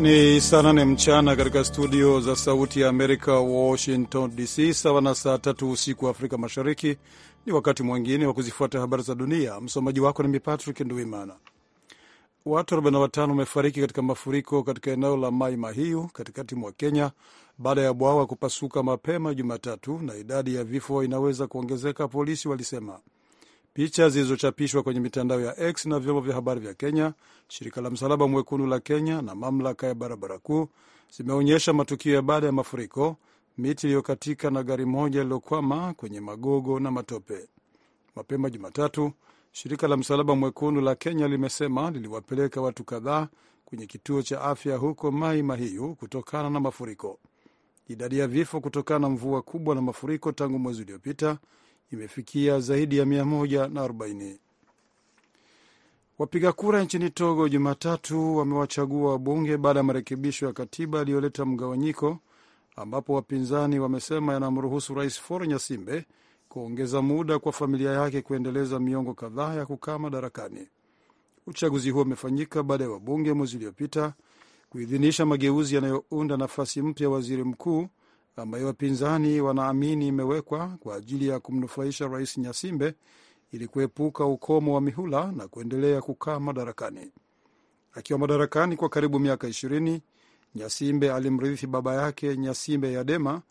Ni saa nane mchana katika studio za Sauti ya Amerika, Washington DC, sawa na saa tatu usiku wa Afrika Mashariki. Ni wakati mwingine wa kuzifuata habari za dunia. Msomaji wako ni Mipatrick Nduimana. Watu 45 wamefariki katika mafuriko katika eneo la Mai Mahiu katikati mwa Kenya baada ya bwawa kupasuka mapema Jumatatu, na idadi ya vifo inaweza kuongezeka, polisi walisema. Picha zilizochapishwa kwenye mitandao ya X na vyombo vya habari vya Kenya, shirika la Msalaba Mwekundu la Kenya na mamlaka ya barabara kuu zimeonyesha matukio ya baada ya mafuriko, miti iliyokatika na gari moja lililokwama kwenye magogo na matope. Mapema Jumatatu, shirika la Msalaba Mwekundu la Kenya limesema liliwapeleka watu kadhaa kwenye kituo cha afya huko Mai Mahiu kutokana na mafuriko. Idadi ya vifo kutokana na mvua kubwa na mafuriko tangu mwezi uliopita imefikia zaidi ya 140. Wapiga kura nchini Togo Jumatatu wamewachagua wabunge baada ya marekebisho ya katiba yaliyoleta mgawanyiko, ambapo wapinzani wamesema yanamruhusu Rais Faure Nyasimbe kuongeza muda kwa familia yake kuendeleza miongo kadhaa ya kukaa madarakani. Uchaguzi huo umefanyika baada ya wabunge mwezi uliopita kuidhinisha mageuzi yanayounda nafasi mpya waziri mkuu ambayo wapinzani wanaamini imewekwa kwa ajili ya kumnufaisha Rais Nyasimbe ili kuepuka ukomo wa mihula na kuendelea kukaa madarakani. Akiwa madarakani kwa karibu miaka ishirini, Nyasimbe alimrithi baba yake Nyasimbe Yadema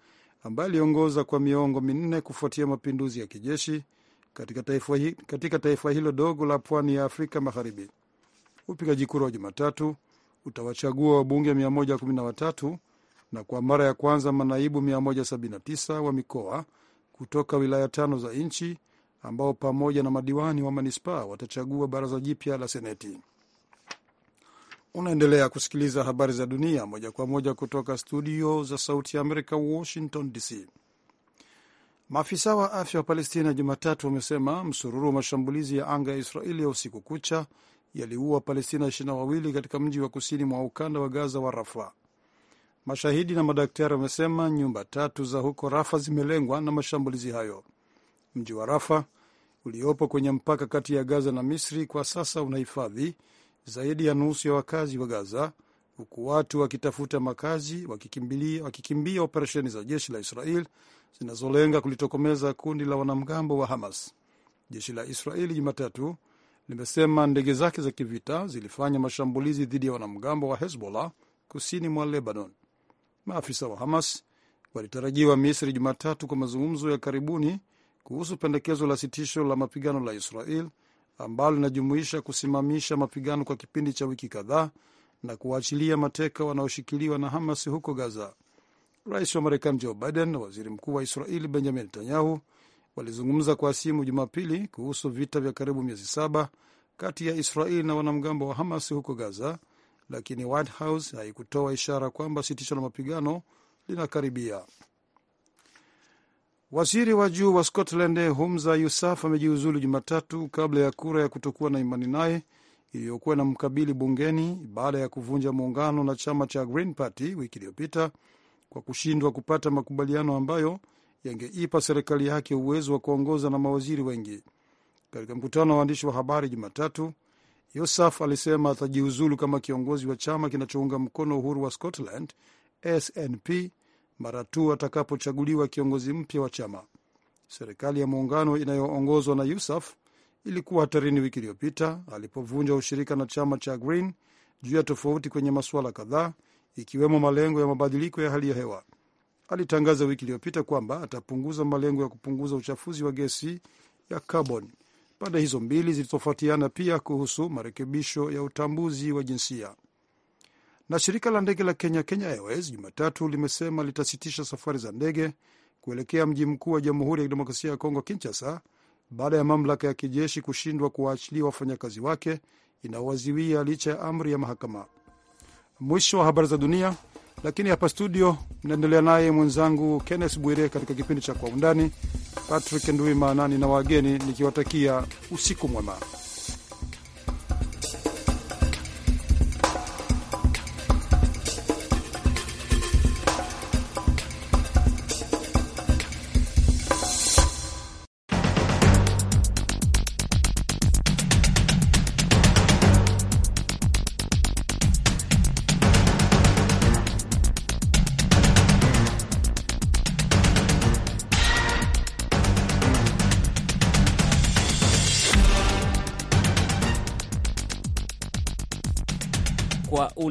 ambaye aliongoza kwa miongo minne kufuatia mapinduzi ya kijeshi katika taifa, katika taifa hilo dogo la pwani ya Afrika Magharibi. Upigaji kura wa Jumatatu utawachagua wabunge na kwa mara ya kwanza manaibu 179 wa mikoa kutoka wilaya tano za nchi ambao pamoja na madiwani wa manispaa watachagua baraza jipya la Seneti. Unaendelea kusikiliza habari za dunia moja kwa moja kutoka studio za Sauti ya Amerika, Washington DC. Maafisa wa afya wa Palestina Jumatatu wamesema msururu wa mashambulizi ya anga ya Israeli ya usiku kucha yaliua Palestina 22 katika mji wa kusini mwa ukanda wa Gaza wa Rafa. Mashahidi na madaktari wamesema nyumba tatu za huko Rafa zimelengwa na mashambulizi hayo. Mji wa Rafa uliopo kwenye mpaka kati ya Gaza na Misri kwa sasa unahifadhi zaidi ya nusu ya wakazi wa Gaza, huku watu wakitafuta makazi wakikimbia, wakikimbia operesheni za jeshi la Israel zinazolenga kulitokomeza kundi la wanamgambo wa Hamas. Jeshi la Israeli Jumatatu limesema ndege zake za kivita zilifanya mashambulizi dhidi ya wanamgambo wa Hezbollah kusini mwa Lebanon. Maafisa wa Hamas walitarajiwa Misri Jumatatu kwa mazungumzo ya karibuni kuhusu pendekezo la sitisho la mapigano la Israel ambalo linajumuisha kusimamisha mapigano kwa kipindi cha wiki kadhaa na kuwaachilia mateka wanaoshikiliwa na Hamas huko Gaza. Rais wa Marekani Joe Biden na waziri mkuu wa Israeli Benjamin Netanyahu walizungumza kwa simu Jumapili kuhusu vita vya karibu miezi saba kati ya Israeli na wanamgambo wa Hamas huko Gaza lakini White House haikutoa ishara kwamba sitisho la mapigano linakaribia. Waziri wa juu wa Scotland Humza Yusaf amejiuzulu Jumatatu kabla ya kura ya kutokuwa na imani naye iliyokuwa na mkabili bungeni baada ya kuvunja muungano na chama cha Green Party wiki iliyopita kwa kushindwa kupata makubaliano ambayo yangeipa serikali yake uwezo wa kuongoza na mawaziri wengi. Katika mkutano wa waandishi wa habari Jumatatu, Yosaf alisema atajiuzulu kama kiongozi wa chama kinachounga mkono uhuru wa Scotland, SNP, mara tu atakapochaguliwa kiongozi mpya wa chama. Serikali ya muungano inayoongozwa na Yusuf ilikuwa hatarini wiki iliyopita alipovunja ushirika na chama cha Green juu ya tofauti kwenye masuala kadhaa ikiwemo malengo ya mabadiliko ya hali ya hewa. Alitangaza wiki iliyopita kwamba atapunguza malengo ya kupunguza uchafuzi wa gesi ya kaboni Pande hizo mbili zilitofautiana pia kuhusu marekebisho ya utambuzi wa jinsia. Na shirika la ndege la Kenya, Kenya Airways, Jumatatu limesema litasitisha safari za ndege kuelekea mji mkuu wa Jamhuri ya Kidemokrasia ya Kongo, Kinshasa, baada ya mamlaka ya kijeshi kushindwa kuwaachilia wafanyakazi wake inaowaziwia licha ya amri ya mahakama. Mwisho wa habari za dunia, lakini hapa studio mnaendelea naye mwenzangu Kenneth Bwire katika kipindi cha Kwa Undani. Patrick Ndwimana nina wageni nikiwatakia usiku mwema.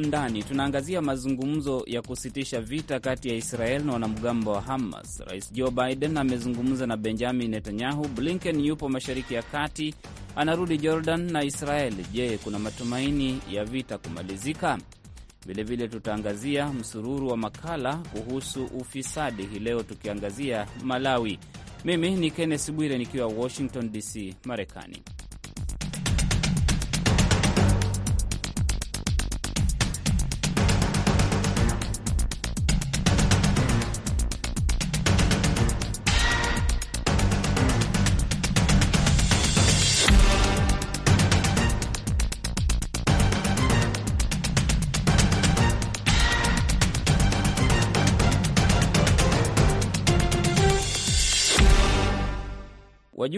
Undani tunaangazia mazungumzo ya kusitisha vita kati ya Israel na wanamgambo wa Hamas. Rais Joe Biden amezungumza na Benjamin Netanyahu. Blinken yupo Mashariki ya Kati, anarudi Jordan na Israel. Je, kuna matumaini ya vita kumalizika? Vilevile tutaangazia msururu wa makala kuhusu ufisadi hii leo, tukiangazia Malawi. Mimi ni Kenneth Bwire nikiwa Washington DC, Marekani.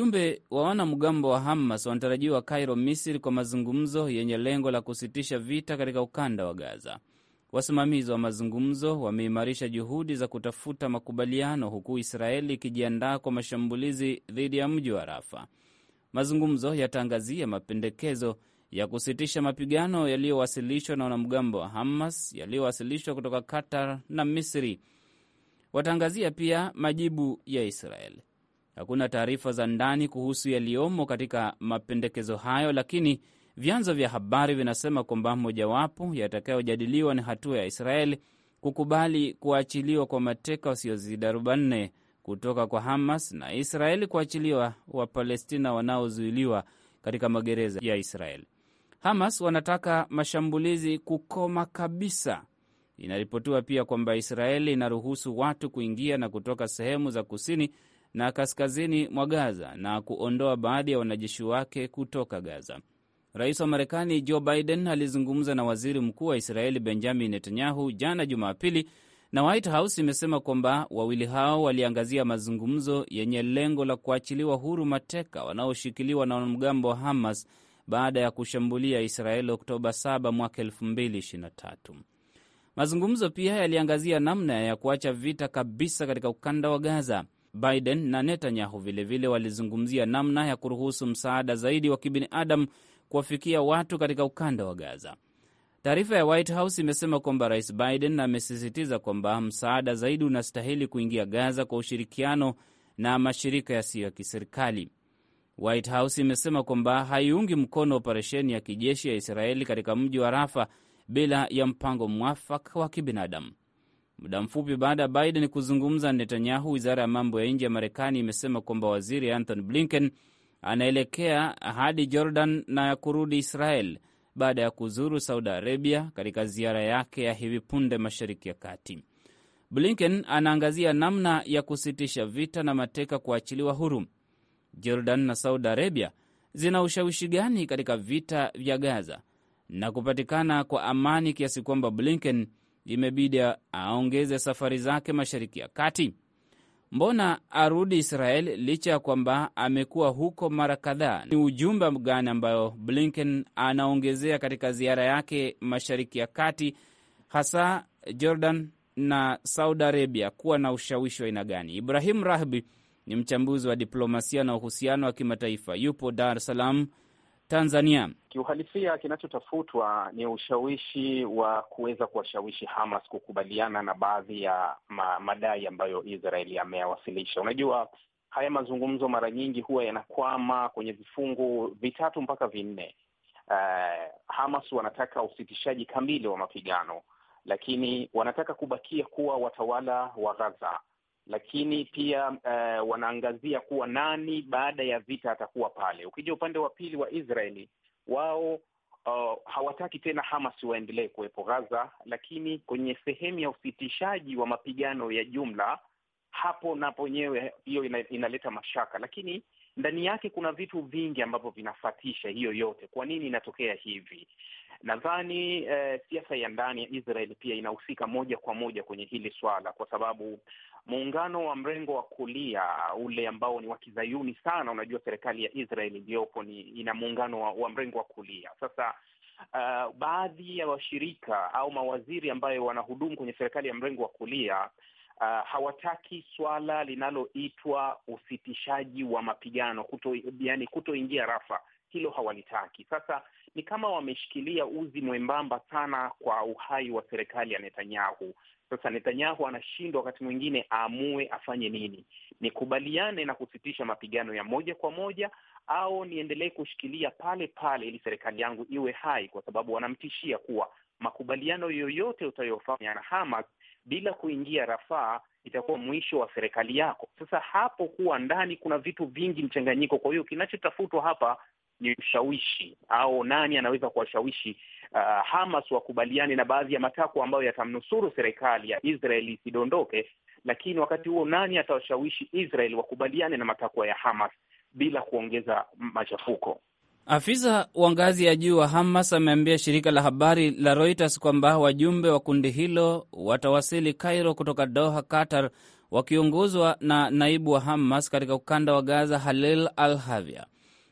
Wajumbe wa wanamgambo wa Hamas wanatarajiwa Cairo, Misri, kwa mazungumzo yenye lengo la kusitisha vita katika ukanda wa Gaza. Wasimamizi wa mazungumzo wameimarisha juhudi za kutafuta makubaliano, huku Israeli ikijiandaa kwa mashambulizi dhidi ya mji wa Rafa. Mazungumzo yataangazia mapendekezo ya kusitisha mapigano yaliyowasilishwa na wanamgambo wa Hamas, yaliyowasilishwa kutoka Qatar na Misri. Wataangazia pia majibu ya Israeli. Hakuna taarifa za ndani kuhusu yaliyomo katika mapendekezo hayo, lakini vyanzo vya habari vinasema kwamba mojawapo yatakayojadiliwa ni hatua ya israeli kukubali kuachiliwa kwa mateka wasiozidi 40 kutoka kwa Hamas na israeli kuachiliwa Wapalestina wanaozuiliwa katika magereza ya Israel. Hamas wanataka mashambulizi kukoma kabisa. Inaripotiwa pia kwamba Israeli inaruhusu watu kuingia na kutoka sehemu za kusini na kaskazini mwa Gaza na kuondoa baadhi ya wanajeshi wake kutoka Gaza. Rais wa Marekani Joe Biden alizungumza na waziri mkuu wa Israeli Benjamin Netanyahu jana Jumapili, na White House imesema kwamba wawili hao waliangazia mazungumzo yenye lengo la kuachiliwa huru mateka wanaoshikiliwa na wanamgambo wa Hamas baada ya kushambulia Israeli Oktoba 7 mwaka 2023. Mazungumzo pia yaliangazia namna ya kuacha vita kabisa katika ukanda wa Gaza. Biden na Netanyahu vilevile walizungumzia namna ya kuruhusu msaada zaidi wa kibinadamu kuwafikia watu katika ukanda wa Gaza. Taarifa ya White House imesema kwamba Rais Biden amesisitiza kwamba msaada zaidi unastahili kuingia Gaza kwa ushirikiano na mashirika yasiyo ya kiserikali. White House imesema kwamba haiungi mkono operesheni ya kijeshi ya Israeli katika mji wa Rafa bila ya mpango mwafaka wa kibinadamu. Muda mfupi baada ya Biden kuzungumza na Netanyahu, wizara ya mambo ya nje ya Marekani imesema kwamba waziri Anthony Blinken anaelekea hadi Jordan na kurudi Israel baada ya kuzuru Saudi Arabia katika ziara yake ya hivi punde Mashariki ya Kati. Blinken anaangazia namna ya kusitisha vita na mateka kuachiliwa huru. Jordan na Saudi Arabia zina ushawishi gani katika vita vya Gaza na kupatikana kwa amani kiasi kwamba Blinken imebidi aongeze safari zake Mashariki ya Kati. Mbona arudi Israel licha ya kwamba amekuwa huko mara kadhaa? Ni ujumbe gani ambayo Blinken anaongezea katika ziara yake Mashariki ya Kati, hasa Jordan na Saudi Arabia kuwa na ushawishi wa aina gani? Ibrahim Rahbi ni mchambuzi wa diplomasia na uhusiano wa kimataifa, yupo Dar es Salaam Tanzania. Kiuhalisia, kinachotafutwa ni ushawishi wa kuweza kuwashawishi Hamas kukubaliana na baadhi ya ma madai ambayo Israeli ameyawasilisha. Unajua, haya mazungumzo mara nyingi huwa yanakwama kwenye vifungu vitatu mpaka vinne. Uh, Hamas wanataka usitishaji kamili wa mapigano, lakini wanataka kubakia kuwa watawala wa Gaza lakini mhm. pia uh, wanaangazia kuwa nani baada ya vita atakuwa pale. Ukija upande wa pili wa Israeli, wao uh, hawataki tena Hamas waendelee kuwepo Gaza, lakini kwenye sehemu ya usitishaji wa mapigano ya jumla, hapo napo penyewe hiyo ina, inaleta mashaka, lakini ndani yake kuna vitu vingi ambavyo vinafatisha hiyo yote. Kwa nini inatokea hivi? Nadhani eh, siasa ya ndani ya Israel pia inahusika moja kwa moja kwenye hili swala, kwa sababu muungano wa mrengo wa kulia ule ambao ni wa kizayuni sana. Unajua, serikali ya Israel iliyopo ni ina muungano wa, wa mrengo wa kulia. Sasa uh, baadhi ya washirika au mawaziri ambayo wanahudumu kwenye serikali ya mrengo wa kulia Uh, hawataki swala linaloitwa usitishaji wa mapigano kuto, yani kutoingia Rafa, hilo hawalitaki. Sasa ni kama wameshikilia uzi mwembamba sana kwa uhai wa serikali ya Netanyahu. Sasa Netanyahu anashindwa wakati mwingine aamue afanye nini, nikubaliane na kusitisha mapigano ya moja kwa moja au niendelee kushikilia pale pale ili serikali yangu iwe hai, kwa sababu wanamtishia kuwa makubaliano yoyote utayofanya na Hamas bila kuingia rafaa itakuwa mwisho wa serikali yako. Sasa hapo kuwa ndani kuna vitu vingi mchanganyiko, kwa hiyo kinachotafutwa hapa ni ushawishi au nani anaweza kuwashawishi uh, Hamas wakubaliane na baadhi ya matakwa ambayo yatamnusuru serikali ya Israel isidondoke, lakini wakati huo nani atawashawishi Israel wakubaliane na matakwa ya Hamas bila kuongeza machafuko. Afisa wa ngazi ya juu wa Hamas ameambia shirika la habari la Reuters kwamba wajumbe wa kundi hilo watawasili Cairo kutoka Doha, Qatar, wakiongozwa na naibu wa Hamas katika ukanda wa Gaza, Halil Al Havia.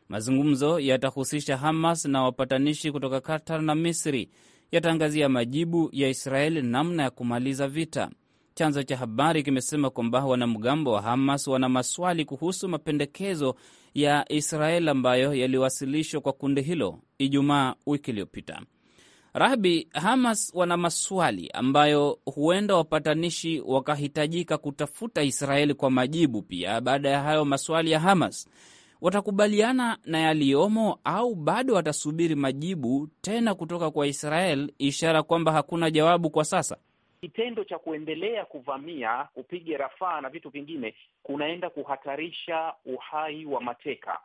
Mazungumzo yatahusisha Hamas na wapatanishi kutoka Qatar na Misri, yataangazia majibu ya Israeli namna ya kumaliza vita. Chanzo cha habari kimesema kwamba wanamgambo wa Hamas wana maswali kuhusu mapendekezo ya Israel ambayo yaliwasilishwa kwa kundi hilo Ijumaa wiki iliyopita. Rahbi, Hamas wana maswali ambayo huenda wapatanishi wakahitajika kutafuta Israeli kwa majibu. Pia baada ya hayo maswali ya Hamas, watakubaliana na yaliyomo au bado watasubiri majibu tena kutoka kwa Israel, ishara kwamba hakuna jawabu kwa sasa kitendo cha kuendelea kuvamia, kupiga rafaa na vitu vingine kunaenda kuhatarisha uhai wa mateka.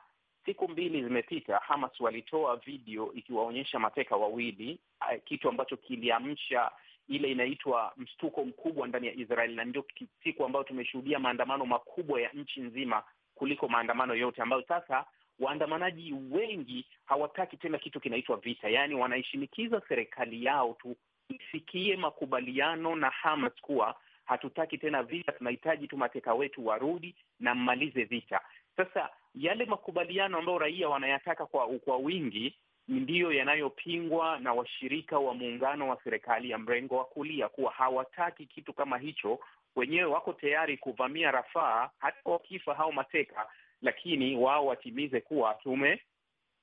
Siku mbili zimepita, Hamas walitoa video ikiwaonyesha mateka wawili, eh, kitu ambacho kiliamsha ile inaitwa mshtuko mkubwa ndani ya israel na ndio siku ambayo tumeshuhudia maandamano makubwa ya nchi nzima kuliko maandamano yote, ambayo sasa waandamanaji wengi hawataki tena kitu kinaitwa vita, yaani wanaishinikiza serikali yao tu ifikie makubaliano na Hamas kuwa hatutaki tena vita, tunahitaji tu mateka wetu warudi na mmalize vita. Sasa yale makubaliano ambayo raia wanayataka kwa, kwa wingi ndiyo yanayopingwa na washirika wa muungano wa serikali ya mrengo wa kulia kuwa hawataki kitu kama hicho. Wenyewe wako tayari kuvamia Rafaa hata wakifa hao mateka, lakini wao watimize kuwa tume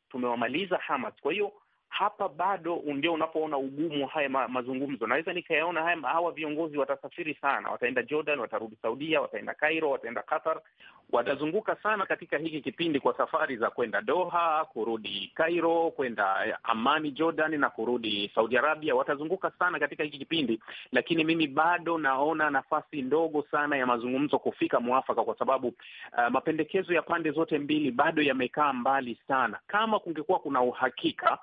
tumewamaliza Hamas. Kwa hiyo hapa bado ndio unapoona ugumu haya ma, mazungumzo. Naweza nikayaona haya, hawa viongozi watasafiri sana, wataenda Jordan, watarudi Saudia, wataenda Cairo, wataenda Qatar, watazunguka sana katika hiki kipindi kwa safari za kwenda Doha, kurudi Cairo, kwenda eh, Amani Jordan na kurudi Saudi Arabia. Watazunguka sana katika hiki kipindi, lakini mimi bado naona nafasi ndogo sana ya mazungumzo kufika mwafaka, kwa sababu uh, mapendekezo ya pande zote mbili bado yamekaa mbali sana. Kama kungekuwa kuna uhakika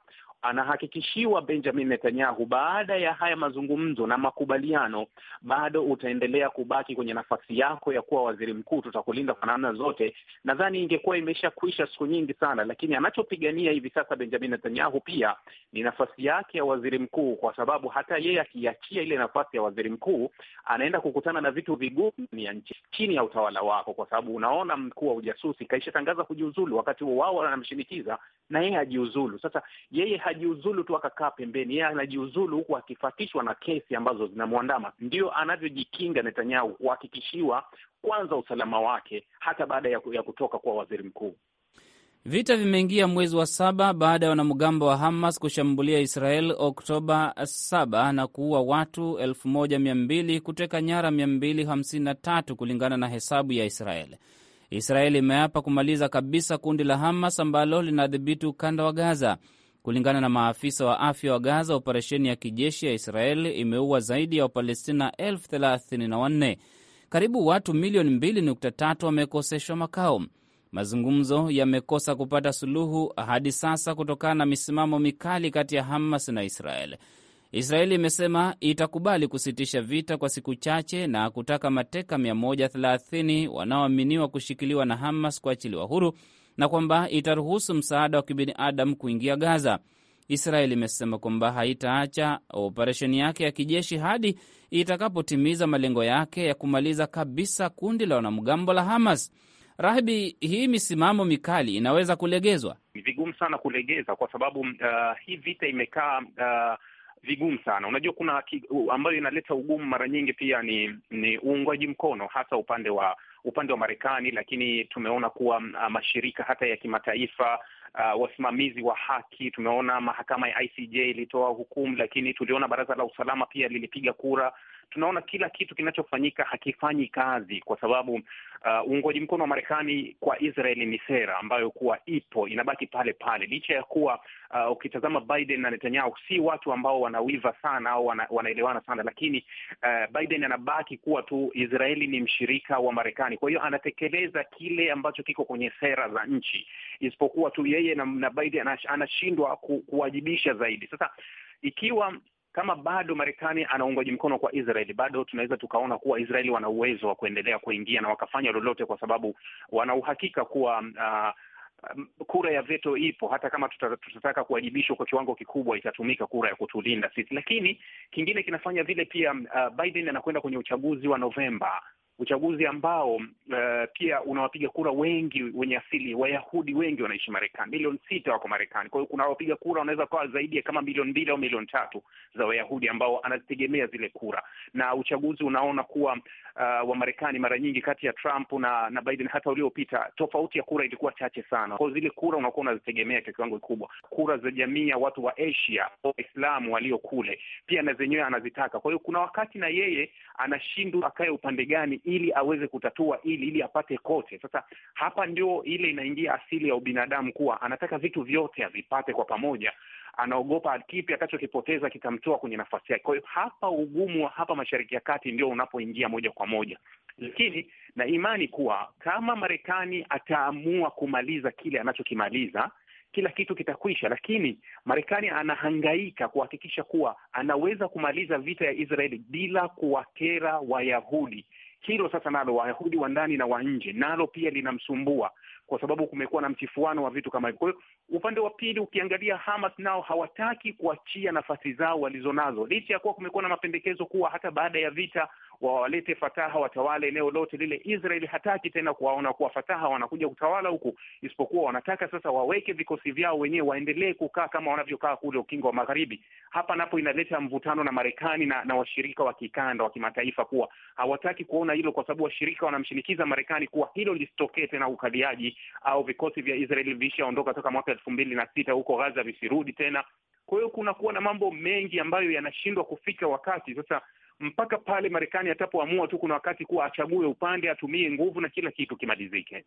anahakikishiwa Benjamin Netanyahu baada ya haya mazungumzo na makubaliano, bado utaendelea kubaki kwenye nafasi yako ya kuwa waziri mkuu, tutakulinda kwa namna zote, nadhani ingekuwa imeshakwisha siku nyingi sana. Lakini anachopigania hivi sasa Benjamin Netanyahu pia ni nafasi yake ya waziri mkuu, kwa sababu hata yeye akiachia ile nafasi ya waziri mkuu anaenda kukutana na vitu vigumu ya nchi chini ya utawala wako, kwa sababu unaona mkuu wa ujasusi kaishatangaza kujiuzulu, wakati wao wanamshinikiza na yeye ajiuzulu. Sasa yeye anajiuzulu tu akakaa pembeni, yeye anajiuzulu huku akifatishwa na kesi ambazo zinamwandama. Ndio anavyojikinga Netanyahu kuhakikishiwa kwanza usalama wake hata baada ya kutoka kwa waziri mkuu. Vita vimeingia mwezi wa saba baada ya wanamgambo wa Hamas kushambulia Israel Oktoba 7 na kuua watu 1200 kuteka nyara 253 kulingana na hesabu ya Israel. Israel imeapa kumaliza kabisa kundi la Hamas ambalo linadhibiti ukanda wa Gaza. Kulingana na maafisa wa afya wa Gaza, operesheni ya kijeshi ya israel imeua zaidi ya Wapalestina elfu thelathini na wanne. Karibu watu milioni 2.3 wamekoseshwa makao. Mazungumzo yamekosa kupata suluhu hadi sasa kutokana na misimamo mikali kati ya Hamas na Israel. Israeli imesema itakubali kusitisha vita kwa siku chache na kutaka mateka 130 wanaoaminiwa kushikiliwa na Hamas kuachiliwa huru na kwamba itaruhusu msaada wa kibinadamu kuingia Gaza. Israeli imesema kwamba haitaacha operesheni yake ya kijeshi hadi itakapotimiza malengo yake ya kumaliza kabisa kundi la wanamgambo la Hamas. Rahibi, hii misimamo mikali inaweza kulegezwa? Ni vigumu sana kulegeza, kwa sababu uh, hii vita imekaa uh, vigumu sana. Unajua, kuna ambayo inaleta ugumu mara nyingi pia ni, ni uungwaji mkono hasa upande wa upande wa Marekani, lakini tumeona kuwa uh, mashirika hata ya kimataifa Uh, wasimamizi wa haki. Tumeona mahakama ya ICJ ilitoa hukumu, lakini tuliona baraza la usalama pia lilipiga kura tunaona kila kitu kinachofanyika hakifanyi kazi, kwa sababu uh, uungwaji uh, mkono wa Marekani kwa Israeli ni sera ambayo kuwa ipo inabaki pale pale, licha ya kuwa uh, ukitazama Biden na Netanyahu si watu ambao wanawiva sana au wana, wanaelewana sana, lakini uh, Biden anabaki kuwa tu Israeli ni mshirika wa Marekani, kwa hiyo anatekeleza kile ambacho kiko kwenye sera za nchi, isipokuwa tu yeye na, na Biden anashindwa ku, kuwajibisha zaidi sasa ikiwa kama bado Marekani ana uungwaji mkono kwa Israeli, bado tunaweza tukaona kuwa Israeli wana uwezo wa kuendelea kuingia na wakafanya lolote, kwa sababu wana uhakika kuwa uh, um, kura ya veto ipo. Hata kama tutataka kuwajibishwa kwa kiwango kikubwa, itatumika kura ya kutulinda sisi. Lakini kingine kinafanya vile pia, uh, Biden anakwenda kwenye uchaguzi wa Novemba uchaguzi ambao uh, pia unawapiga kura wengi wenye asili Wayahudi wengi wanaishi Marekani, milioni sita wako Marekani. Kwa hiyo kuna wapiga kura wanaweza kuwa zaidi ya kama milioni mbili au milioni tatu za Wayahudi ambao anazitegemea zile kura, na uchaguzi unaona kuwa uh, wa Marekani mara nyingi kati ya Trump na, na Biden hata uliopita, tofauti ya kura ilikuwa chache sana. Kwa zile kura unakuwa unazitegemea kwa kiwango kikubwa, kura za jamii ya watu wa Asia Waislamu walio kule pia na zenyewe anazitaka. Kwa hiyo kuna wakati na yeye anashindwa akae upande gani ili aweze kutatua ili ili apate kote. Sasa hapa ndio ile inaingia asili ya ubinadamu, kuwa anataka vitu vyote avipate kwa pamoja, anaogopa kipi atakachokipoteza kitamtoa kwenye nafasi yake. Kwa hiyo hapa ugumu wa hapa Mashariki ya Kati ndio unapoingia moja kwa moja, lakini na imani kuwa kama Marekani ataamua kumaliza kile anachokimaliza kila kitu kitakwisha, lakini Marekani anahangaika kuhakikisha kuwa anaweza kumaliza vita ya Israeli bila kuwakera Wayahudi hilo sasa nalo Wayahudi wa ndani na wa nje nalo pia linamsumbua kwa sababu kumekuwa na mchifuano wa vitu kama hivyo. Kwa hiyo upande wa pili ukiangalia, Hamas nao hawataki kuachia nafasi zao walizonazo, licha ya kuwa kumekuwa na mapendekezo kuwa hata baada ya vita wawalete Fataha watawale eneo lote lile. Israeli hataki tena kuwaona kuwa Fataha wanakuja kutawala huku, isipokuwa wanataka sasa waweke vikosi vyao wenyewe, waendelee kukaa kama wanavyokaa kule ukingo wa Magharibi. Hapa napo inaleta mvutano na Marekani na, na washirika wa kikanda wa kimataifa, kuwa hawataki kuona hilo, kwa sababu washirika wanamshinikiza Marekani kuwa hilo lisitokee tena, ukaliaji au vikosi vya Israeli viishaondoka toka mwaka elfu mbili na sita huko Gaza, visirudi tena kwa hiyo kunakuwa na mambo mengi ambayo yanashindwa kufika wakati sasa mpaka pale Marekani atapoamua tu kuna wakati kuwa achague upande, atumie nguvu na kila kitu kimalizike.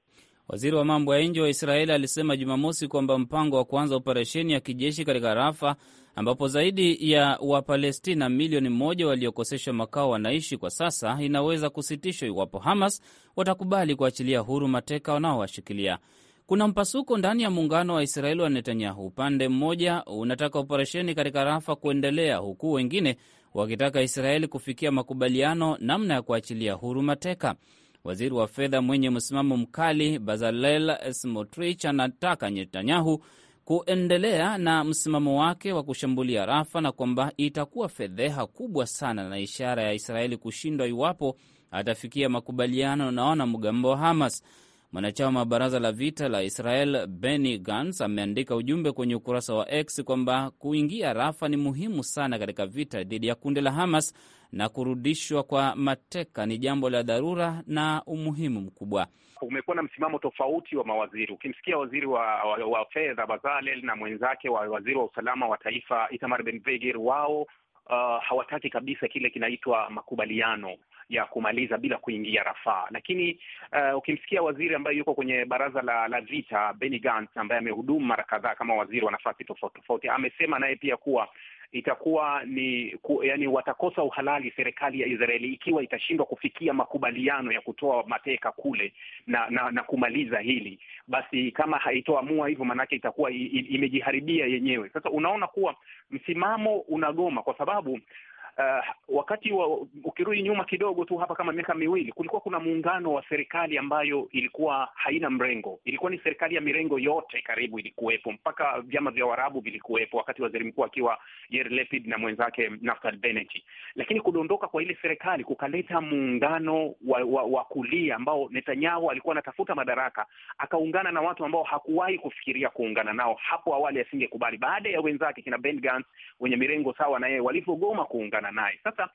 Waziri wa mambo ya nje wa Israeli alisema Jumamosi kwamba mpango wa kuanza operesheni ya kijeshi katika Rafa, ambapo zaidi ya Wapalestina milioni moja waliokoseshwa makao wanaishi kwa sasa, inaweza kusitishwa iwapo Hamas watakubali kuachilia huru mateka wanaowashikilia. Kuna mpasuko ndani ya muungano wa Israeli wa Netanyahu. Upande mmoja unataka operesheni katika Rafa kuendelea, huku wengine wakitaka Israeli kufikia makubaliano namna ya kuachilia huru mateka. Waziri wa fedha mwenye msimamo mkali bazalel Smotrich anataka Netanyahu kuendelea na msimamo wake wa kushambulia Rafa na kwamba itakuwa fedheha kubwa sana na ishara ya Israeli kushindwa iwapo atafikia makubaliano na wanamgambo wa Hamas. Mwanachama wa baraza la vita la Israel Benny Gantz ameandika ujumbe kwenye ukurasa wa X kwamba kuingia Rafa ni muhimu sana katika vita dhidi ya kundi la Hamas na kurudishwa kwa mateka ni jambo la dharura na umuhimu mkubwa. umekuwa na msimamo tofauti wa mawaziri. Ukimsikia waziri wa, wa, wa fedha Bazalel na mwenzake wa waziri wa usalama wa taifa Itamar Ben Gvir, wao uh, hawataki kabisa kile kinaitwa makubaliano ya kumaliza bila kuingia Rafaa. Lakini uh, ukimsikia waziri ambaye yuko kwenye baraza la, la vita Benny Gantz ambaye amehudumu mara kadhaa kama waziri wa nafasi tofauti tofauti, amesema naye pia kuwa itakuwa ni ku, yani watakosa uhalali serikali ya Israeli ikiwa itashindwa kufikia makubaliano ya kutoa mateka kule na, na na kumaliza hili basi, kama haitoamua hivyo, maanake itakuwa imejiharibia yenyewe. Sasa unaona kuwa msimamo unagoma, kwa sababu Uh, wakati wa ukirudi nyuma kidogo tu hapa kama miaka miwili, kulikuwa kuna muungano wa serikali ambayo ilikuwa haina mrengo, ilikuwa ni serikali ya mirengo yote karibu ilikuwepo, mpaka vyama vya Waarabu vilikuwepo, wakati waziri mkuu akiwa Yair Lapid na mwenzake Naftali Bennett. Lakini kudondoka kwa ile serikali kukaleta muungano wa, wa, wa kulia ambao Netanyahu alikuwa anatafuta madaraka, akaungana na watu ambao hakuwahi kufikiria kuungana nao hapo awali, asingekubali baada ya wenzake kina Gantz wenye mirengo sawa na yeye walivyogoma kuungana kuungana naye. Sasa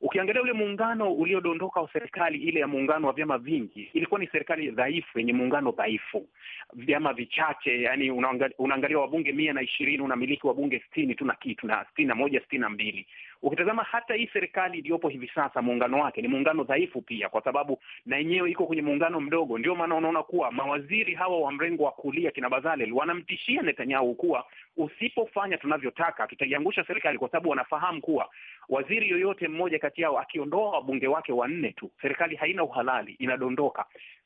ukiangalia ule muungano uliodondoka wa serikali ile ya muungano wa vyama vingi, ilikuwa ni serikali dhaifu yenye muungano dhaifu, vyama vichache. Yani unaangalia, wabunge mia na ishirini unamiliki wabunge sitini tu na kitu na sitini na moja sitini na mbili Ukitazama hata hii serikali iliyopo hivi sasa, muungano wake ni muungano dhaifu pia, kwa sababu na yenyewe iko kwenye muungano mdogo. Ndio maana unaona kuwa mawaziri hawa wa mrengo wa kulia kina Bazalel wanamtishia Netanyahu kuwa usipofanya tunavyotaka tutaiangusha serikali, kwa sababu wanafahamu kuwa waziri yoyote mmoja kati yao akiondoa wabunge wake wanne tu, serikali haina uhalali, inadondoka.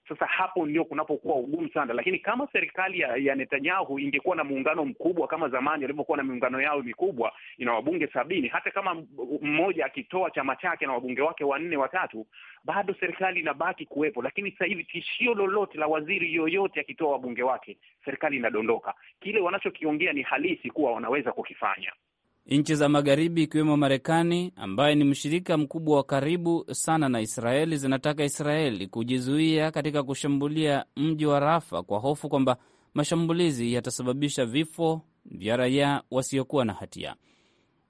Sasa hapo ndio kunapokuwa ugumu sana, lakini kama serikali ya, ya Netanyahu ingekuwa na muungano mkubwa kama zamani walivyokuwa na miungano yao mikubwa, ina wabunge sabini, hata kama mmoja akitoa chama chake na wabunge wake wanne watatu, bado serikali inabaki kuwepo. Lakini sasa hivi tishio lolote la waziri yoyote akitoa wabunge wake, serikali inadondoka. Kile wanachokiongea ni halisi kuwa wanaweza kukifanya. Nchi za Magharibi ikiwemo Marekani ambaye ni mshirika mkubwa wa karibu sana na Israeli zinataka Israeli kujizuia katika kushambulia mji wa Rafa kwa hofu kwamba mashambulizi yatasababisha vifo vya raia wasiokuwa na hatia.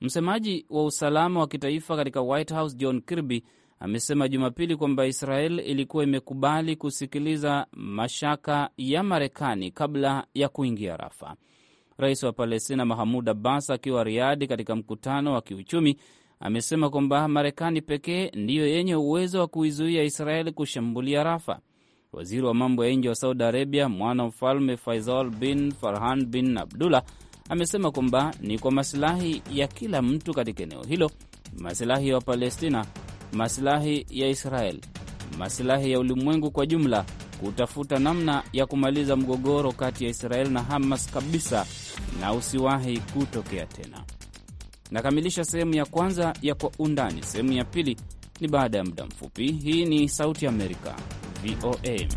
Msemaji wa usalama wa kitaifa katika White House John Kirby amesema Jumapili kwamba Israel ilikuwa imekubali kusikiliza mashaka ya Marekani kabla ya kuingia Rafa. Rais wa Palestina Mahamud Abbas akiwa Riadi katika mkutano wa kiuchumi amesema kwamba Marekani pekee ndiyo yenye uwezo wa kuizuia Israeli kushambulia Rafa. Waziri wa mambo ya nje wa Saudi Arabia mwana mfalme Faisal bin Farhan bin Abdullah amesema kwamba ni kwa masilahi ya kila mtu katika eneo hilo, masilahi ya Wapalestina, masilahi ya Israel, masilahi ya ulimwengu kwa jumla kutafuta namna ya kumaliza mgogoro kati ya israel na Hamas kabisa na usiwahi kutokea tena. Nakamilisha sehemu ya kwanza ya Kwa Undani. Sehemu ya pili ni baada ya muda mfupi. Hii ni Sauti Amerika, VOA.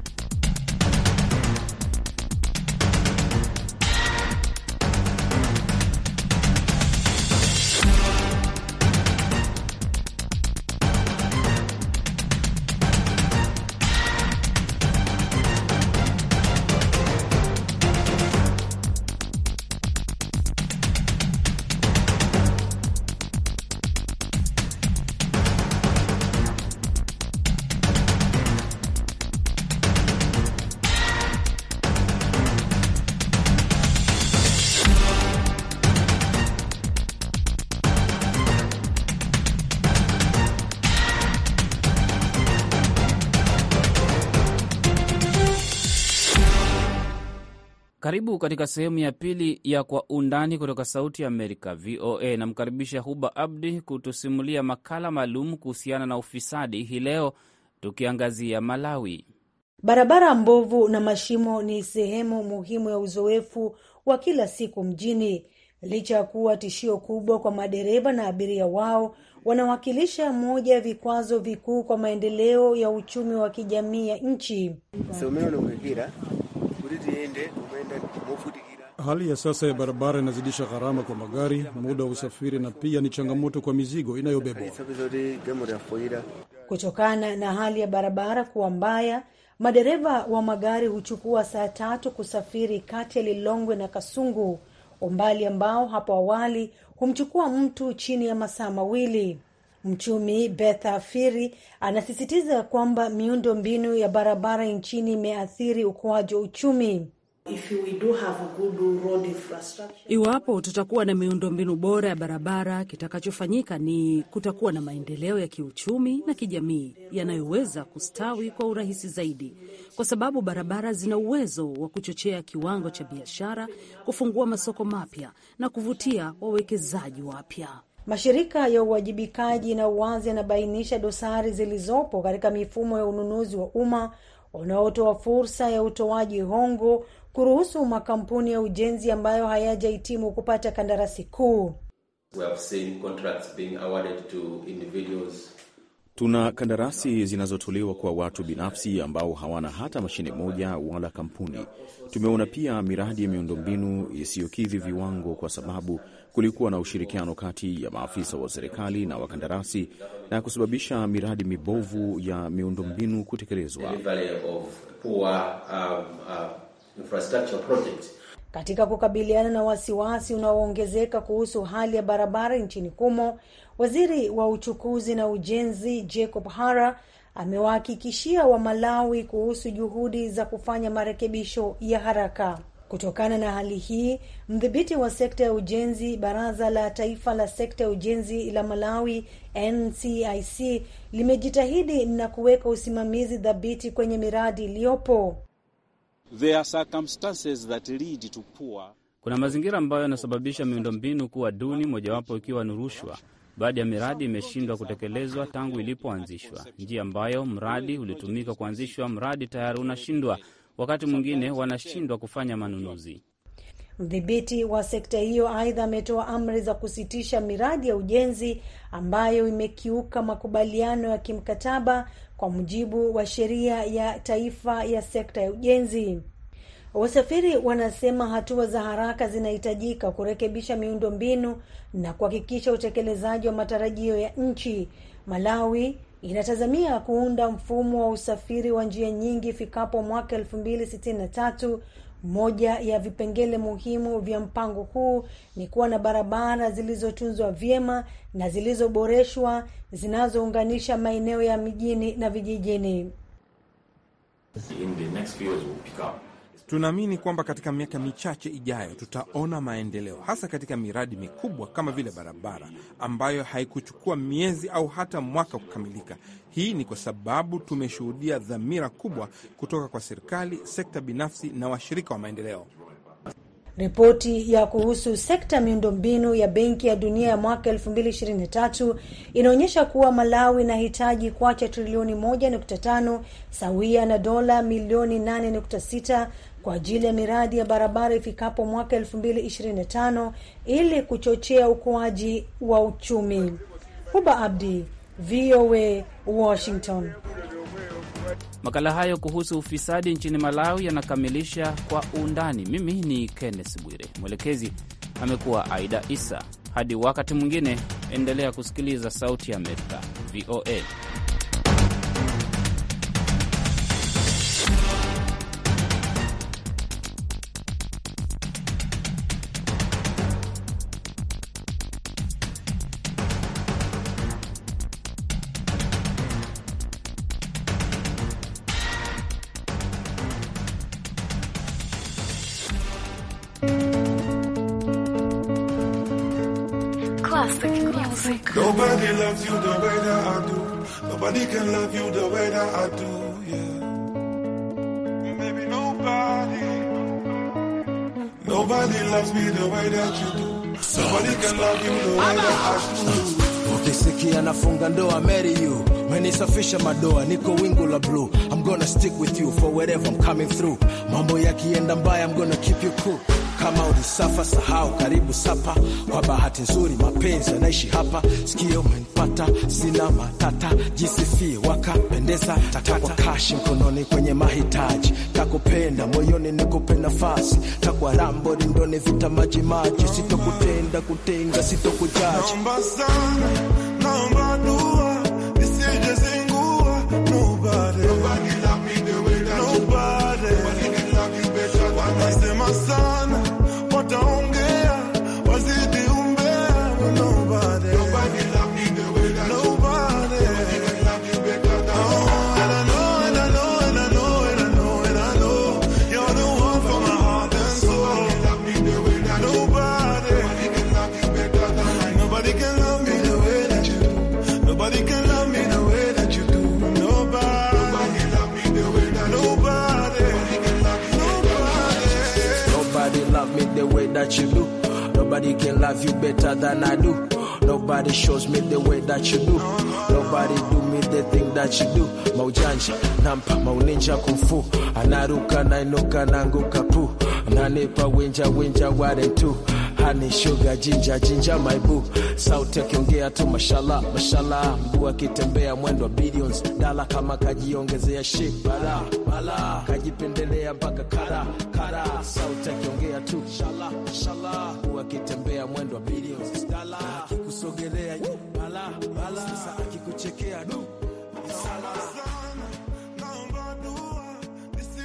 Karibu katika sehemu ya pili ya Kwa Undani kutoka Sauti ya Amerika, VOA. Namkaribisha Huba Abdi kutusimulia makala maalum kuhusiana na ufisadi, hii leo tukiangazia Malawi. Barabara mbovu na mashimo ni sehemu muhimu ya uzoefu wa kila siku mjini. Licha ya kuwa tishio kubwa kwa madereva na abiria wao, wanawakilisha moja ya vikwazo vikuu kwa maendeleo ya uchumi wa kijamii ya nchi. Hali ya sasa ya barabara inazidisha gharama kwa magari, muda wa usafiri na pia ni changamoto kwa mizigo inayobebwa. Kutokana na hali ya barabara kuwa mbaya, madereva wa magari huchukua saa tatu kusafiri kati ya Lilongwe na Kasungu, umbali ambao hapo awali humchukua mtu chini ya masaa mawili. Mchumi Betha Firi anasisitiza kwamba miundo mbinu ya barabara nchini imeathiri ukuaji wa uchumi. Iwapo tutakuwa na miundombinu bora ya barabara, kitakachofanyika ni kutakuwa na maendeleo ya kiuchumi na kijamii yanayoweza kustawi kwa urahisi zaidi, kwa sababu barabara zina uwezo wa kuchochea kiwango cha biashara, kufungua masoko mapya na kuvutia wawekezaji wapya. Mashirika ya uwajibikaji na uwazi yanabainisha dosari zilizopo katika mifumo ya ununuzi wa umma unaotoa fursa ya utoaji hongo, kuruhusu makampuni ya ujenzi ambayo hayajahitimu kupata kandarasi kuu. Tuna kandarasi zinazotolewa kwa watu binafsi ambao hawana hata mashine moja wala kampuni. Tumeona pia miradi ya miundombinu isiyokidhi viwango kwa sababu kulikuwa na ushirikiano kati ya maafisa wa serikali na wakandarasi na kusababisha miradi mibovu ya miundombinu kutekelezwa. Um, uh, Katika kukabiliana na wasiwasi unaoongezeka kuhusu hali ya barabara nchini humo, waziri wa uchukuzi na ujenzi Jacob Hara amewahakikishia wa Malawi kuhusu juhudi za kufanya marekebisho ya haraka. Kutokana na hali hii, mdhibiti wa sekta ya ujenzi, Baraza la Taifa la Sekta ya Ujenzi la Malawi NCIC limejitahidi na kuweka usimamizi dhabiti kwenye miradi iliyopo. Kuna mazingira ambayo yanasababisha miundombinu kuwa duni, mojawapo ikiwa ni rushwa. Baadhi ya miradi imeshindwa kutekelezwa tangu ilipoanzishwa. Njia ambayo mradi ulitumika kuanzishwa, mradi tayari unashindwa wakati mwingine wanashindwa kufanya manunuzi. Mdhibiti wa sekta hiyo aidha ametoa amri za kusitisha miradi ya ujenzi ambayo imekiuka makubaliano ya kimkataba kwa mujibu wa sheria ya taifa ya sekta ya ujenzi. Wasafiri wanasema hatua za haraka zinahitajika kurekebisha miundombinu na kuhakikisha utekelezaji wa matarajio ya nchi. Malawi, inatazamia kuunda mfumo wa usafiri wa njia nyingi ifikapo mwaka 2063. Moja ya vipengele muhimu vya mpango huu ni kuwa na barabara zilizotunzwa vyema na zilizoboreshwa zinazounganisha maeneo ya mijini na vijijini. In the next Tunaamini kwamba katika miaka michache ijayo tutaona maendeleo, hasa katika miradi mikubwa kama vile barabara ambayo haikuchukua miezi au hata mwaka kukamilika. Hii ni kwa sababu tumeshuhudia dhamira kubwa kutoka kwa serikali, sekta binafsi na washirika wa maendeleo. Ripoti ya kuhusu sekta miundombinu ya Benki ya Dunia ya mwaka 2023 inaonyesha kuwa Malawi inahitaji kuacha trilioni 1.5 sawia na dola milioni 8.6 kwa ajili ya miradi ya barabara ifikapo mwaka 2025 ili kuchochea ukuaji wa uchumi. Huba Abdi, VOA Washington. Makala hayo kuhusu ufisadi nchini Malawi yanakamilisha kwa undani. Mimi ni Kenneth Bwire, mwelekezi amekuwa Aida Isa. Hadi wakati mwingine, endelea kusikiliza Sauti ya Amerika, VOA. Nobody can love you the way that I do, yeah. Maybe nobody. Nobody loves me the way that you do. nobody can love you the way that I do. Ukisikia nafunga ndoa marry you, menisafisha madoa, niko wingu la blue. I'm gonna stick with you for wherever I'm coming through. Mambo yakienda mbaya, I'm gonna keep you cool. kama ulisafa sahau, karibu sapa. Kwa bahati nzuri mapenzi anaishi hapa, sikio umenipata, sina matata, jisifie wakapendeza, takwa kashi mkononi kwenye mahitaji, takupenda moyoni, nikupe nafasi, takwa rambo lindoni, vita maji maji, sitokutenda kutenga, sitokujaji naomba sana, naomba that you do. Nobody can love you better than I do. Nobody shows me the way that you do. Nobody do me the thing that you do. Maujanja, nampa, mauninja kufu. Anaruka, nainuka, nanguka kapu. Nanipa, winja, winja, ware tu. honey sugar ginger ginger my boo, sauti akiongea tu mashallah mashallah, mguu akitembea mwendo wa billions dala, kama kajiongezea shit bala bala, kajipendelea mpaka kara kara, sauti akiongea tu shala shala, mguu akitembea mwendo wa billions dala, kikusogelea bala bala